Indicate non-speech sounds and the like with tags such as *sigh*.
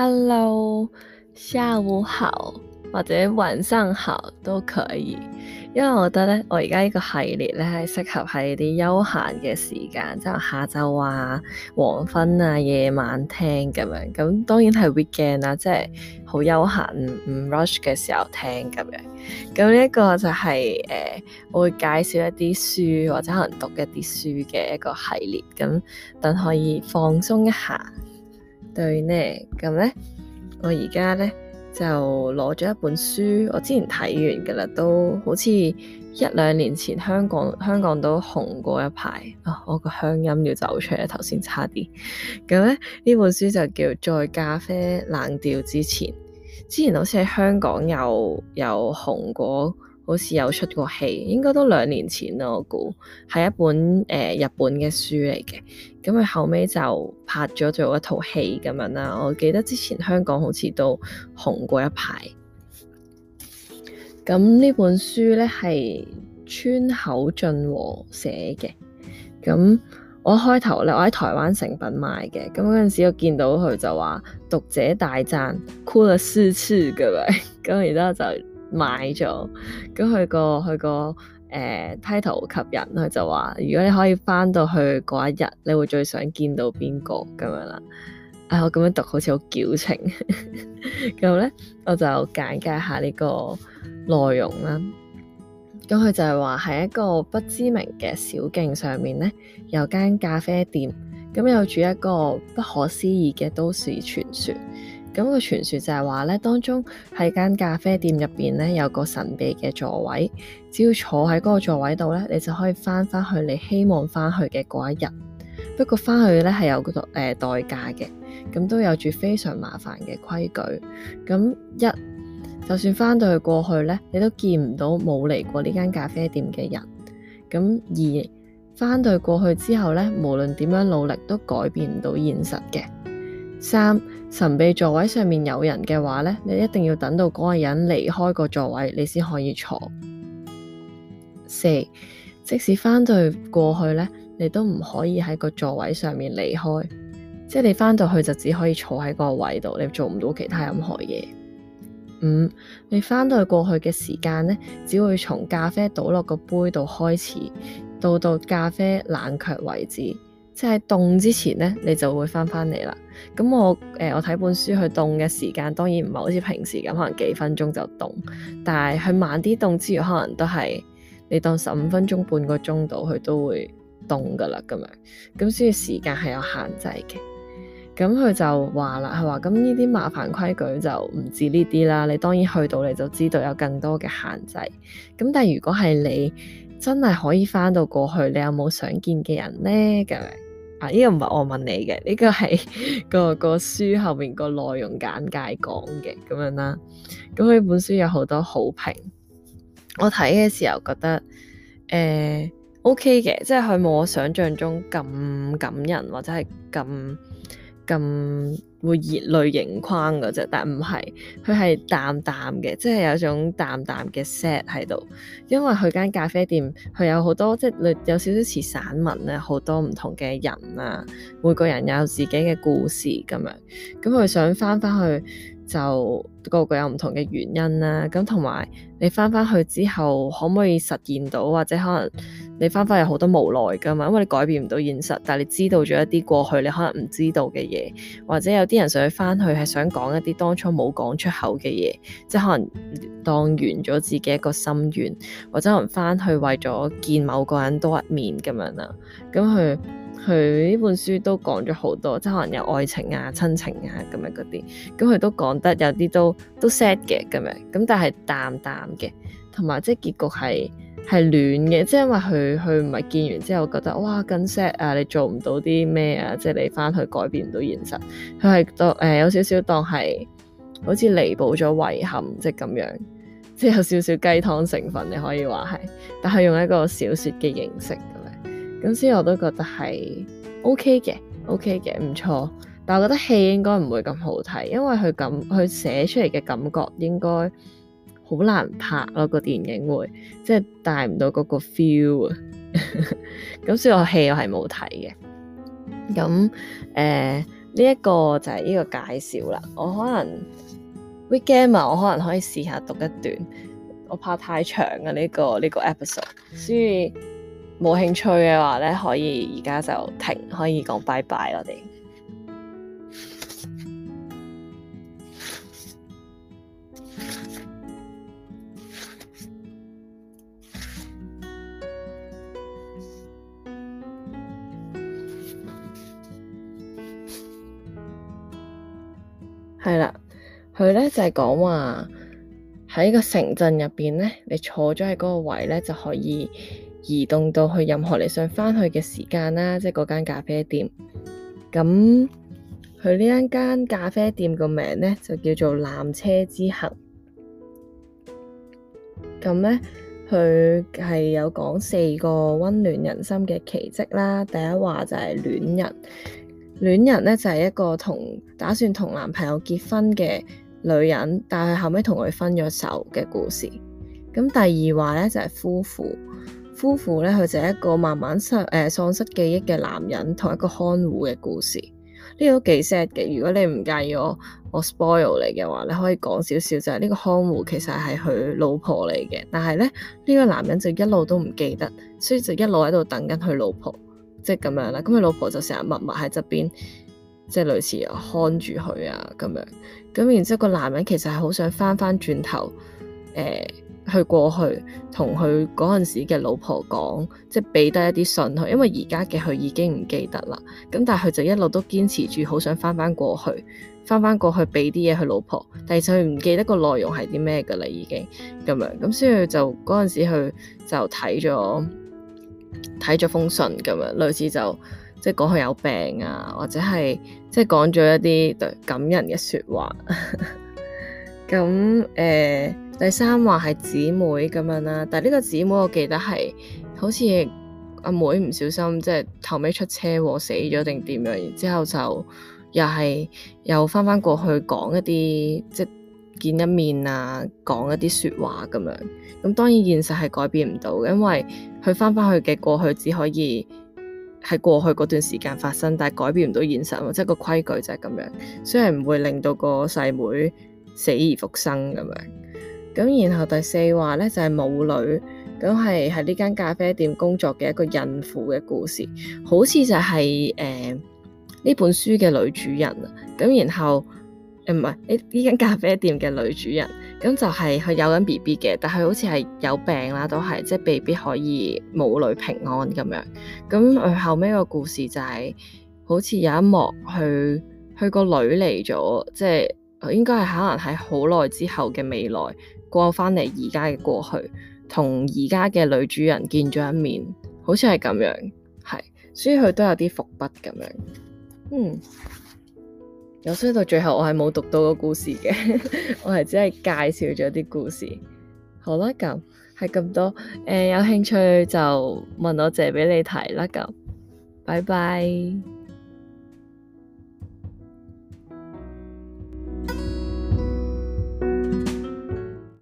Hello，下午好或者晚上好都可以，因為我覺得咧，我而家呢個系列咧係適合喺啲休閒嘅時間，即係下晝啊、黃昏啊、夜晚聽咁樣。咁當然係 weekend 啦，即係好休閒唔唔 rush 嘅時候聽咁樣。咁呢一個就係誒，我會介紹一啲書或者可能讀一啲書嘅一個系列咁，等可以放鬆一下。對呢，咁咧，我而家呢，就攞咗一本書，我之前睇完㗎喇，都好似一兩年前香港香港都紅過一排，啊，我個鄉音要走出嚟，頭先差啲。咁咧呢本書就叫《在咖啡冷掉之前》，之前好似喺香港有有紅過。好似有出過戲，應該都兩年前咯，我估係一本誒、呃、日本嘅書嚟嘅。咁佢後尾就拍咗做一套戲咁樣啦。我記得之前香港好似都紅過一排。咁呢本書咧係川口俊和寫嘅。咁我開頭咧我喺台灣誠品買嘅。咁嗰陣時我見到佢就話讀者大贊，哭了四次嘅咪。咁然之後就。買咗，咁佢個佢個誒 Title 吸引，佢就話，如果你可以翻到去嗰一日，你會最想見到邊個咁樣啦？啊、哎，我咁樣讀好似好矯情，咁 *laughs* 咧我就簡介下呢個內容啦。咁佢就係話喺一個不知名嘅小徑上面咧，有間咖啡店，咁有住一個不可思議嘅都市傳說。咁個傳説就係話咧，當中喺間咖啡店入面咧，有個神秘嘅座位，只要坐喺嗰個座位度咧，你就可以返返去你希望返去嘅嗰一日。不過返去咧，係有個代價嘅，咁都有住非常麻煩嘅規矩。咁一，就算返到去過去咧，你都見唔到冇嚟過呢間咖啡店嘅人。咁二，返到去過去之後咧，無論點樣努力都改變唔到現實嘅。三，神秘座位上面有人嘅話呢，你一定要等到嗰個人離開個座位，你先可以坐。四，即使翻到去過去呢，你都唔可以喺個座位上面離開，即係你翻到去就只可以坐喺個位度，你做唔到其他任何嘢。五，你翻到去過去嘅時間呢，只會從咖啡倒落個杯度開始，到到咖啡冷卻為止。即係凍之前咧，你就會翻翻嚟啦。咁我誒、呃、我睇本書，佢凍嘅時間當然唔係好似平時咁，可能幾分鐘就凍。但係佢慢啲凍之餘，可能都係你當十五分鐘、半個鐘度，佢都會凍㗎啦。咁樣咁所以時間係有限制嘅。咁佢就話啦，佢話咁呢啲麻煩規矩就唔止呢啲啦。你當然去到你就知道有更多嘅限制。咁但係如果係你真係可以翻到過去，你有冇想見嘅人呢？咁樣。啊！呢、這個唔係我問你嘅，呢、這個係個個書後面個內容簡介講嘅咁樣啦。咁、這、佢、個、本書有好多好評，我睇嘅時候覺得誒、呃、OK 嘅，即係佢冇我想象中咁感人或者係咁。咁會熱淚盈眶㗎咋，但唔係，佢係淡淡嘅，即係有種淡淡嘅 sad 喺度。因為佢間咖啡店，佢有好多即係有少少似散文咧，好多唔同嘅人啊，每個人有自己嘅故事咁樣。咁、嗯、佢想翻翻去，就個個有唔同嘅原因啦、啊。咁同埋你翻翻去之後，可唔可以實現到，或者可能……你翻翻有好多無奈㗎嘛，因為你改變唔到現實，但係你知道咗一啲過去你可能唔知道嘅嘢，或者有啲人想去翻去係想講一啲當初冇講出口嘅嘢，即係可能當完咗自己一個心願，或者可能翻去為咗見某個人多一面咁樣啦。咁佢佢呢本書都講咗好多，即係可能有愛情啊、親情啊咁樣嗰啲，咁佢、嗯、都講得有啲都都 sad 嘅咁樣，咁但係淡淡嘅，同埋即係結局係。係暖嘅，即係因為佢佢唔係見完之後覺得哇咁 sad 啊，你做唔到啲咩啊，即係你翻去改變唔到現實。佢係當誒有少少，少當係好似彌補咗遺憾，即係咁樣，即係有少少雞湯成分你可以話係，但係用一個小説嘅形式咁樣，咁所以我都覺得係 OK 嘅，OK 嘅唔錯。但係我覺得戲應該唔會咁好睇，因為佢咁佢寫出嚟嘅感覺應該。好難拍咯，啊，個電影會即係帶唔到嗰個 feel 啊。咁 *laughs* 所以我戲我係冇睇嘅。咁誒，呢 *noise* 一、呃呢個就係呢個介紹啦。我可能《Wicked Game》啊，我可能可以試下讀一段。我怕太長嘅呢、呢個呢、呢個 episode， *noise* 所以冇興趣嘅話咧，可以而家就停，可以講拜拜我哋。係啦，佢咧就係講話喺個城鎮入邊咧，你坐咗喺嗰個位咧就可以移動到去任何你想翻去嘅時間啦，即係嗰間咖啡店。咁佢呢間咖啡店個名咧就叫做纜車之行。咁咧佢係有講四個温暖人心嘅奇迹啦，第一話就係戀人。戀人呢就係、是、一個同打算同男朋友結婚嘅女人，但係後尾同佢分咗手嘅故事。咁第二話呢就係、是、夫婦，夫婦呢，佢就係一個慢慢失誒喪、呃、失記憶嘅男人同一個看護嘅故事。呢個都幾 sad 嘅。如果你唔介意我我 spoil 你嘅話，你可以講少少，就係呢個看護其實係佢老婆嚟嘅，但係呢，呢、這個男人就一路都唔記得，所以就一路喺度等緊佢老婆。即咁樣啦，咁佢老婆就成日默默喺側邊，即係類似看住佢啊咁樣。咁然之後，個男人其實係好想翻翻轉頭，誒去過去同佢嗰陣時嘅老婆講，即係俾低一啲信佢。因為而家嘅佢已經唔記得啦。咁但係佢就一路都堅持住，好想翻翻過去，翻翻過去俾啲嘢佢老婆。但係佢唔記得個內容係啲咩㗎啦，已經咁樣。咁所以就嗰陣時佢就睇咗。睇咗封信咁樣，類似就即係講佢有病啊，或者係即係講咗一啲對感人嘅說話。咁 *laughs* 誒、呃，第三話係姊妹咁樣啦，啊，但係呢個姊妹我記得係好似阿妹唔小心即係頭尾出車禍死咗定點樣，然之後就又係又翻翻過去講一啲即見一面啊，講一啲說話咁樣，咁當然現實係改變唔到，因為佢返返去嘅過去，只可以喺過去嗰段時間發生，但係改變唔到現實啊，即係個規矩就係咁樣，雖然唔會令到個細妹，妹死而復生咁樣。咁然後第四話咧就係、是、母女，咁係喺呢間咖啡店工作嘅一個孕婦嘅故事，好似就係誒呢本書嘅女主人啊。咁然後。誒，唔係，呢間咖啡店嘅女主人，咁就係、是、佢有緊 B B 嘅，但係好似係有病啦，都係，即係 B B 可以母女平安咁樣。咁佢後尾個故事就係、是，好似有一幕，佢佢個女嚟咗，即係應該係可能喺好耐之後嘅未來過翻嚟而家嘅過去，同而家嘅女主人見咗一面，好似係咁樣，係，所以佢都有啲伏筆咁樣，嗯。有，所以到最後我係冇讀到個故事嘅， *laughs* 我係只係介紹咗啲故事。好啦，咁係咁多，呃，有興趣就問我借俾你睇啦，咁，拜拜。